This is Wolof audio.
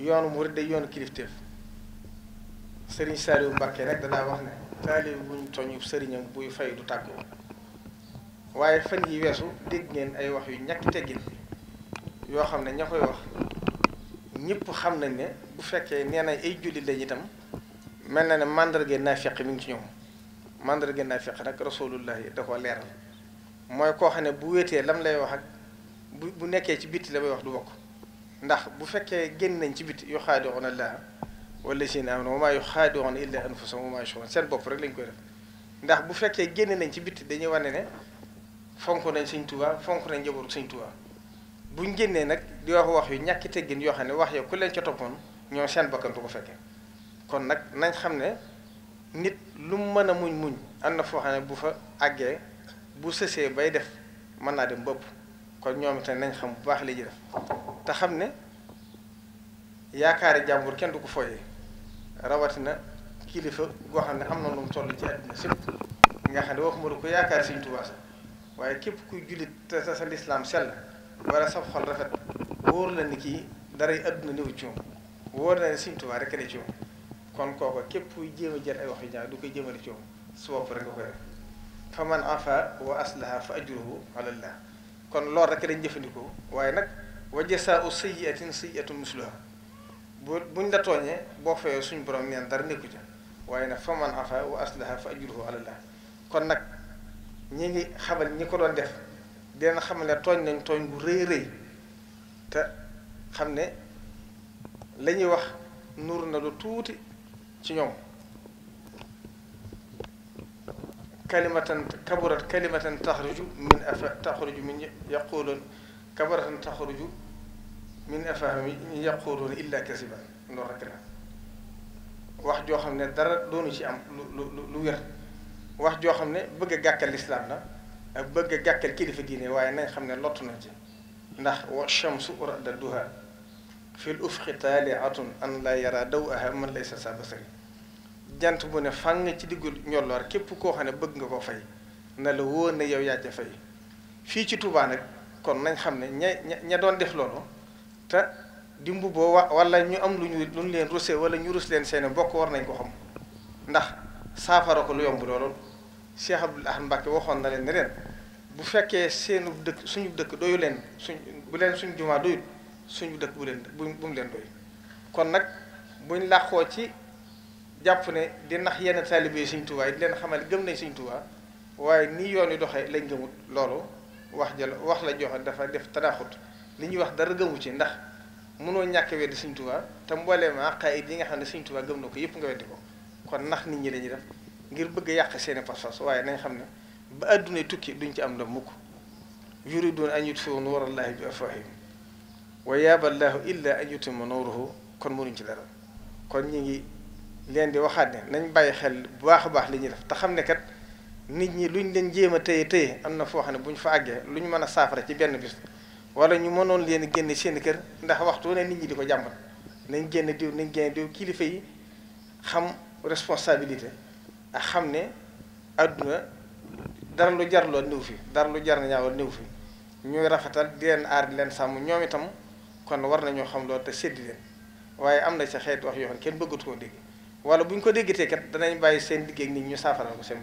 yoonu murid day yoonu kilifteef sëriñ Saliou Mbacké nag danaa wax ne taalibe bu ñu sëriñam buy fay du tàggoo waaye fan yi weesu dégg ngeen ay wax yu ñàkk teggin yoo xam ne ña koy wax ñëpp xam nañ ne bu fekkee nee nañ ay jullit lañ itam mel na ne naa naafeq mi ngi ci ñoom naa naafeq nag rasulullahi da ko leeral mooy koo xam ne bu wéetee lam lay wax ak bu bu nekkee ci bitti la bay wax du bokk ndax bu fekkee génn nañ ci bitt na walla biti yuxaadi'uuna allaaha wallaziina aamanu wa maa na illaa anfusahum wa maa yash'uruun seen bopp rek lañ koy def ndax bu fekkee génn nañ ci biti dañuy wane ne fonk nañ Sëñ Tuubaa fonk nañ njabootu Sëñ Tuubaa buñ génnee nag di wax wax yu ñàkki teggin yoo xam ne wax ya ku leen ca toppoon ñoo seen bakkan du ko fekkee kon nag nañ xam ne nit lu mën a muñ muñ am na foo xam ne bu fa àggee bu sësee bay def mën naa dem bëpp kon ñoom itam nañ xam bu baax li te xam ne yaakaari jàmbur kenn du ko foyee rawatina kilifa goo xam ne am na lu mu toll ci àddina sépp nga xam ne waxuma du ko yaakaar Sëriñ Tuubaa sax waaye képp kuy jullit te sa lislaam sell wala sa xol rafet wóor la ni kii dara yi àdduna néew ci moom wóor ne Sëriñ Tuubaa rek ne ci moom kon kooku képp kuy jéem a jël ay wax yu ñaaw du koy jéemale ci moom su bopp rek nga koy def fa man afa wa aslaha fa ajruhu alallah kon loolu rek dañ jëfandikoo waaye nag wa jasaa'u sayyi'atin sayyi'atun misluha bu buñ la tooñee boo fayee suñ borom neen dara nekku ca waaye nag fa man afa wa aslaha fa ajruhu ala Allah kon nag ñi ngi xamal ñi ko doon def di leen xam ne tooñ nañ tooñ bu rëy rëy te xam ne la ñuy wax nuur na lu tuuti ci ñoom kalimatan kaburat kalimatan taxruju min afa taxruju min yaqulun كبر أن تخرج min afahami ñu yaquluuna illa kasiba loolu rek la wax joo xam ne dara doonu ci am lu lu lu wér wax joo xam ne bëgg a gàkkal lislaam la ak bëgg a gàkkal kilifa diine waaye nañ xam ne lottu na ci ndax wa shamsu urada duha fi l ufqi taaliatun an la yara daw aha man laysa sa basari jant bu ne fàng ci diggu ñolloor képp koo xam ne bëgg nga ko fay na la wóor ne yow yaa ca fay fii ci Tuubaa nag kon nañ xam ne ña ña doon def loolu te di mbubboo wa wala ñu am lu ñu lu leen rusé wala ñu rus leen seeni bokk war nañ ko xam ndax saafara ko lu yomb loolu Cheikh Abdoul Ahad Mbacké waxoon na leen ne leen bu fekkee seenu dëkk suñu dëkk doyu leen suñ bu leen suñu jumaa suñu dëkk bu leen bu mu leen doy kon nag buñ làqoo ci jàpp ne di nax yenn taalibe Sëriñ Tuubaa yi leen xamal gëm nañ Sëriñ Tuubaa waaye nii yoon yu doxee lañ gëmut loolu wax jël wax la joxe dafa def tadaaxut li ñuy wax dara gëmu ci ndax mënoo ñàkk weddi Sëriñ Tuubaa te mbooleem xaayit yi nga xam ne Sëriñ Tuubaa gëm na ko yëpp nga weddi ko kon nax nit ñi lañuy def ngir bëgg yàq seeni pas-pas waaye nañ xam ne ba àdduna tukki duñ ci am ndam mukk yuriduuna an yutfiu nuurallaahi bi afwaahihim wa yaaba llaahu illaa an yutimma nuurahu kon mënuñ ci dara kon ñu ngi leen di waxaat ne nañ bàyyi xel bu baax a baax li ñuy def te xam ne kat nit ñi luñ leen jéem a téye téye am na foo xam ne bu ñu fa àggee lu ñu mën a saafara ci benn bis wala ñu mënoon leen génne seeni kër ndax waxtu ne nit ñi di ko jàmbat nañ génn diw nañ génn diw kilifa yi xam responsabilité ak xam ne àdduna dara lu jar loo néew fi lu jar ñaawal néew fi ñuy rafetal di leen aar leen sàmm ñoom itam kon war nañoo xam loolu te séddi leen waaye am na sa xeet wax yoo xam kenn bëggatu koo dégg wala bu ñu ko déggatee kat danañ bàyyi seen liggéey nit ñu saafara ko seen.